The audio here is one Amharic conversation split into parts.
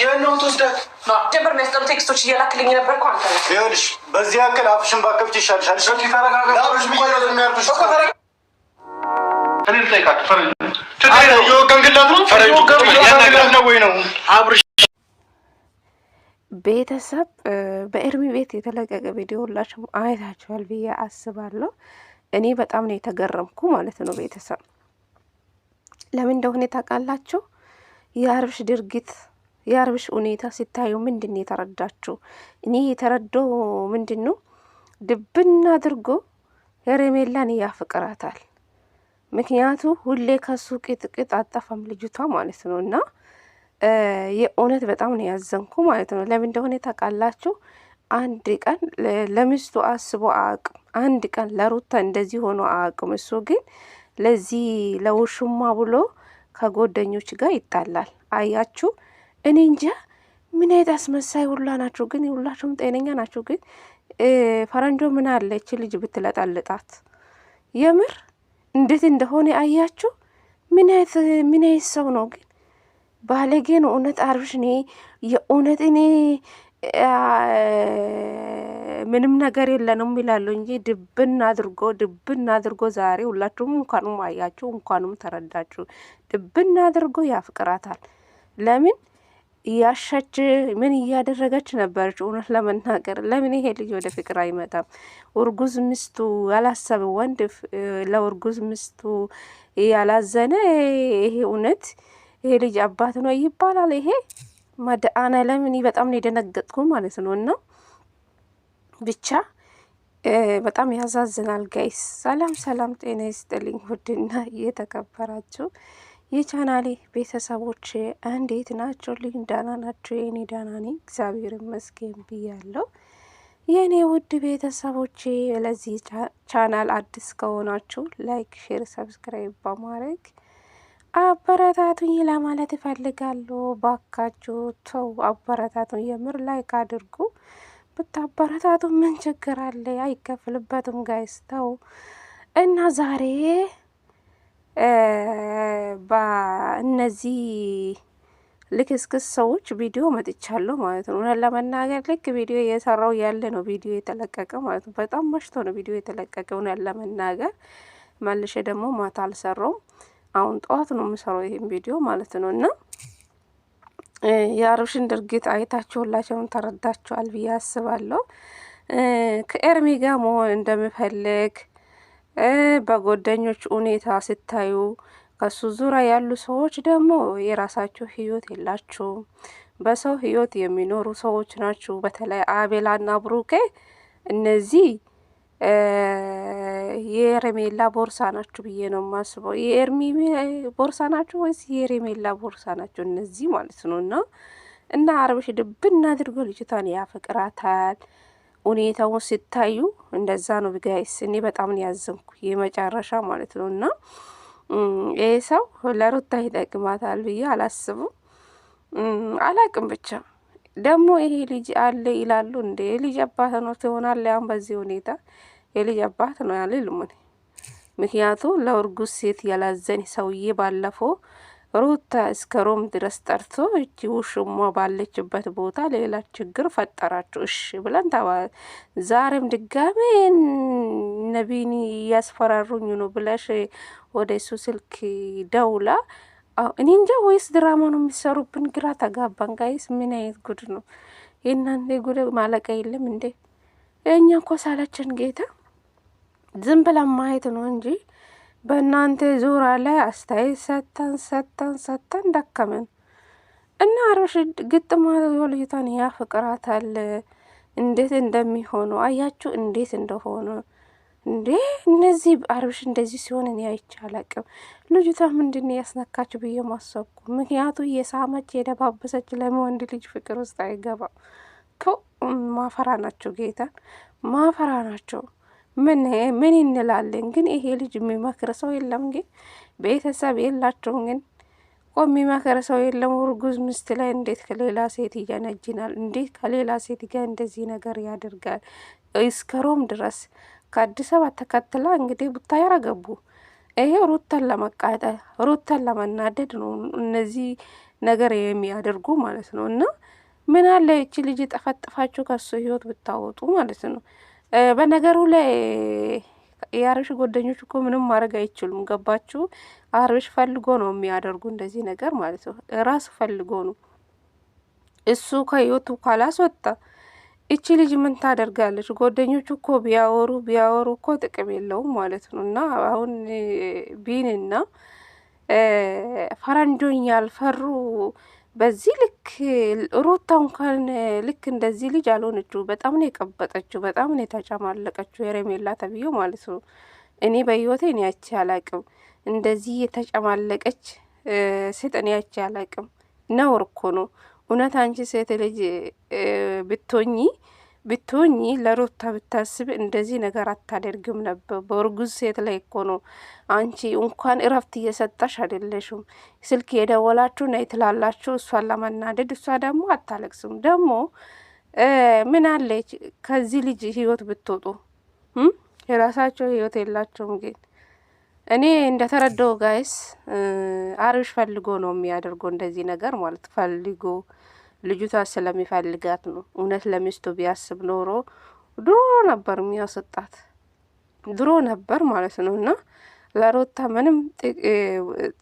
ይህነው ትወስዳት ጀምር የሚያስጠሉ ቴክስቶች እየላክልኝ ነበር ይኸውልሽ በዚህ ያክል አፍሽን ይሻልሻል። ቤተሰብ በእርሚ ቤት የተለቀቀ ቪዲዮ ሁላችሁም አይታችኋል ብዬ አስባለሁ። እኔ በጣም ነው የተገረምኩ ማለት ነው ቤተሰብ ለምን እንደሆነ ታውቃላችሁ? የአብርሽ ድርጊት የአብርሽ ሁኔታ ሲታዩ ምንድን ነው የተረዳችው? እኔ የተረዳው ምንድን ነው ድብና አድርጎ ሄርሜላን ያፈቅራታል። ምክንያቱ ሁሌ ከሱ ቅጥቅጥ አጠፋም ልጅቷ ማለት ነው። እና የእውነት በጣም ነው ያዘንኩ ማለት ነው። ለምን እንደሆነ ታውቃላችሁ? አንድ ቀን ለሚስቱ አስቦ አቅም አንድ ቀን ለሩታ እንደዚህ ሆኖ አቅም እሱ ግን ለዚህ ለውሽማ ብሎ ከጎደኞች ጋር ይጣላል። አያችሁ እኔ እንጃ ምን አይነት አስመሳይ ሁላ ናቸው። ግን ሁላቸውም ጤነኛ ናቸው። ግን ፈረንጆ ምን አለች ልጅ ብትለጠልጣት የምር እንዴት እንደሆነ አያችሁ። ምን አይነት ምን አይነት ሰው ነው ግን ባለጌ ነው እውነት። አብርሽ እኔ የእውነት እኔ ምንም ነገር የለንም ይላሉ እንጂ ድብን አድርጎ ድብን አድርጎ ዛሬ ሁላችሁም እንኳኑም አያችሁ እንኳኑም ተረዳችሁ። ድብን አድርጎ ያፍቅራታል ለምን እያሻች ምን እያደረገች ነበረች? እውነት ለመናገር ለምን ይሄ ልጅ ወደ ፍቅር አይመጣም? እርጉዝ ሚስቱ ያላሰበ ወንድ ለእርጉዝ ሚስቱ ያላዘነ ይሄ እውነት ይሄ ልጅ አባት ነው ይባላል? ይሄ ማዳአና ለምን በጣም ነው የደነገጥኩ ማለት ነው። እና ብቻ በጣም ያዛዝናል ጋይስ። ሰላም ሰላም፣ ጤና ይስጥልኝ ውድና እየተከበራችሁ የቻናሌ ቤተሰቦች እንዴት ናቸው? ልኝ ዳና ናቸው። የእኔ ዳና ነኝ እግዚአብሔር ይመስገን ብያለሁ። የእኔ ውድ ቤተሰቦች ለዚህ ቻናል አዲስ ከሆናችሁ ላይክ፣ ሼር፣ ሰብስክራይብ በማድረግ አበረታቱኝ ለማለት እፈልጋለሁ። ባካችሁ ተው አበረታቱኝ፣ የምር ላይክ አድርጉ። ብታበረታቱ ምን ችግር አለ? አይከፍልበትም ጋይስ ተው እና ዛሬ በእነዚህ ልክስክስ ሰዎች ቪዲዮ መጥቻለሁ ማለት ነው። እውነት ለመናገር ልክ ቪዲዮ እየሰራው ያለ ነው ቪዲዮ የተለቀቀ ማለት ነው። በጣም መሽቶ ነው ቪዲዮ የተለቀቀ እውነት ለመናገር መልሼ ደግሞ ማታ አልሰራውም። አሁን ጠዋት ነው የምሰራው ይሄን ቪዲዮ ማለት ነው። እና የአብርሽን ድርጊት አይታችሁ ሁላችሁም ተረዳችኋል ብዬ አስባለሁ። ከኤርሚ ጋር መሆን እንደምፈልግ በጓደኞች ሁኔታ ስታዩ ከሱ ዙሪያ ያሉ ሰዎች ደግሞ የራሳቸው ህይወት የላቸውም። በሰው ህይወት የሚኖሩ ሰዎች ናቸው። በተለይ አቤላና ብሩኬ እነዚህ የረሜላ ቦርሳ ናቸው ብዬ ነው የማስበው። የኤርሚ ቦርሳ ናቸው ወይስ የረሜላ ቦርሳ ናቸው? እነዚህ ማለት ነው እና እና አብርሽ ድብን አድርጎ ልጅቷን ያፈቅራታል። ሁኔታውን ሲታዩ እንደዛ ነው ጋይስ። እኔ በጣም ነው ያዘንኩ የመጨረሻ ማለት ነው። እና ይህ ሰው ለሩታ ይጠቅማታል ብዬ አላስብም። አላቅም ብቻ ደግሞ ይሄ ልጅ አለ ይላሉ እንዴ የልጅ አባት ነው ትሆናለ። አሁን በዚህ ሁኔታ የልጅ አባት ነው ያለ ልሙን ምክንያቱ ለእርጉዝ ሴት ያላዘን ሰውዬ ባለፈው ሩታ እስከ ሮም ድረስ ጠርቶ እቺ ውሽሟ ባለችበት ቦታ ሌላ ችግር ፈጠራችሁ፣ እሺ ብለን ታባ ዛሬም ድጋሜ ነቢን እያስፈራሩኝ ነው ብለሽ ወደ እሱ ስልክ ደውላ እኔ እንጃ ወይስ ድራማ ነው የሚሰሩብን? ግራ ተጋባን። ጋይስ ምን አይነት ጉድ ነው የእናንተ ጉድ! ማለቀ የለም እንዴ? እኛ እኮ ሳላችን ጌታ ዝም ብለን ማየት ነው እንጂ በእናንተ ዙራ ላይ አስተያየት ሰተን ሰተን ሰተን ደከመን እና አብርሽ ግጥማ ልጅቷን ያፈቅራታል። እንዴት እንደሚሆኑ አያችሁ፣ እንዴት እንደሆኑ እንዴ! እነዚህ አብርሽ እንደዚህ ሲሆን እኔ አይቼ አላቅም። ልጅቷ ምንድን ያስነካችሁ ብዬ ማሰብኩ። ምክንያቱ የሳመች የደባበሰች ለመወንድ ልጅ ፍቅር ውስጥ አይገባም። ማፈራ ናቸው፣ ጌታ ማፈራ ናቸው። ምን እንላለን ግን? ይሄ ልጅ የሚመክር ሰው የለም ግን ቤተሰብ የላቸውም ግን ቆም የሚመክር ሰው የለም። እርጉዝ ሚስት ላይ እንዴት ከሌላ ሴት እያነጅናል? እንዴት ከሌላ ሴት ጋር እንደዚህ ነገር ያደርጋል? እስከ ሮም ድረስ ከአዲስ አበባ ተከትላ እንግዲህ ቡታየራ ገቡ። ይሄ ሩተን ለመቃጠል ሩተን ለመናደድ ነው እነዚህ ነገር የሚያደርጉ ማለት ነው። እና ምን አለ ይቺ ልጅ ጠፈጥፋችሁ ከሱ ህይወት ብታወጡ ማለት ነው። በነገሩ ላይ የአብርሽ ጓደኞች እኮ ምንም ማድረግ አይችሉም። ገባችሁ? አብርሽ ፈልጎ ነው የሚያደርጉ እንደዚህ ነገር ማለት ነው። ራሱ ፈልጎ ነው። እሱ ከህይወቱ ካላስወጣ እቺ ልጅ ምን ታደርጋለች? ጓደኞቹ እኮ ቢያወሩ ቢያወሩ እኮ ጥቅም የለውም ማለት ነው። እና አሁን ቢንና ፈረንጆኝ ያልፈሩ በዚህ ልክ ሩታ እንኳን ልክ እንደዚህ ልጅ አልሆነችው። በጣም ነው የቀበጠችው፣ በጣም ነው የተጨማለቀችው። የረሜላ ተብዬ ማለት ነው። እኔ በህይወቴ እኔ አይቼ አላቅም፣ እንደዚህ የተጨማለቀች ሴት እኔ አይቼ አላቅም። ነውር እኮ ነው እውነት። አንቺ ሴት ልጅ ብትሆኚ ብትሆኝ ለሩታ ብታስብ እንደዚህ ነገር አታደርግም ነበር። በእርጉዝ ሴት ላይ እኮ ነው። አንቺ እንኳን እረፍት እየሰጠሽ አይደለሽም። ስልክ የደወላችሁ ነይ ትላላችሁ እሷን ለመናደድ፣ እሷ ደግሞ አታለቅስም። ደግሞ ምን አለች ከዚህ ልጅ ህይወት ብትወጡ የራሳቸው ህይወት የላቸውም። ግን እኔ እንደተረዳው ጋይስ አብርሽ ፈልጎ ነው የሚያደርገው እንደዚህ ነገር ማለት ፈልጎ ልጅቷ ስለሚፈልጋት ነው። እውነት ለሚስቱ ቢያስብ ኖሮ ድሮ ነበር የሚያስጣት ድሮ ነበር ማለት ነው። እና ለሮታ ምንም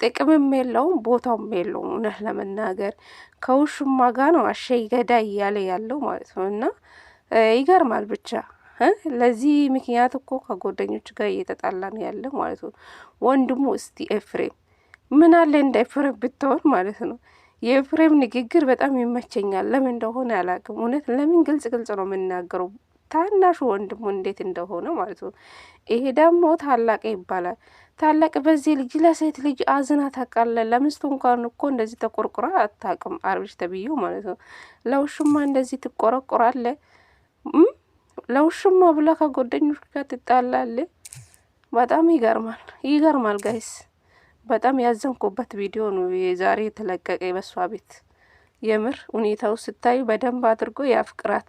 ጥቅምም የለውም ቦታውም የለውም። እውነት ለመናገር ከውሽማ ጋ ነው አሸ ገዳ እያለ ያለው ማለት ነው። እና ይገርማል ብቻ ለዚህ ምክንያት እኮ ከጓደኞች ጋር እየተጣላ ነው ያለ ማለት ነው። ወንድሙ እስቲ ኤፍሬም ምን አለ እንደ ኤፍሬም ብትሆን ማለት ነው። የኤፍሬም ንግግር በጣም ይመቸኛል። ለምን እንደሆነ አላውቅም። እውነት ለምን ግልጽ ግልጽ ነው የምናገረው ታናሹ ወንድሙ እንዴት እንደሆነ ማለት ነው። ይሄ ደግሞ ታላቅ ይባላል። ታላቅ በዚህ ልጅ ለሴት ልጅ አዝና ታቃለ ለምስቱ እንኳን እኮ እንደዚህ ተቆርቁራ አታውቅም። አብርሽ ተብዬው ማለት ነው። ለውሽማ እንደዚህ ትቆረቁራለ? ለውሽማ ብላ ከጎደኞች ጋር ትጣላለ በጣም ይገርማል፣ ይገርማል ጋይስ በጣም ያዘንኩበት ቪዲዮ ነው የዛሬ የተለቀቀ በሷ ቤት። የምር ሁኔታው ስታዩ በደንብ አድርጎ ያፍቅራት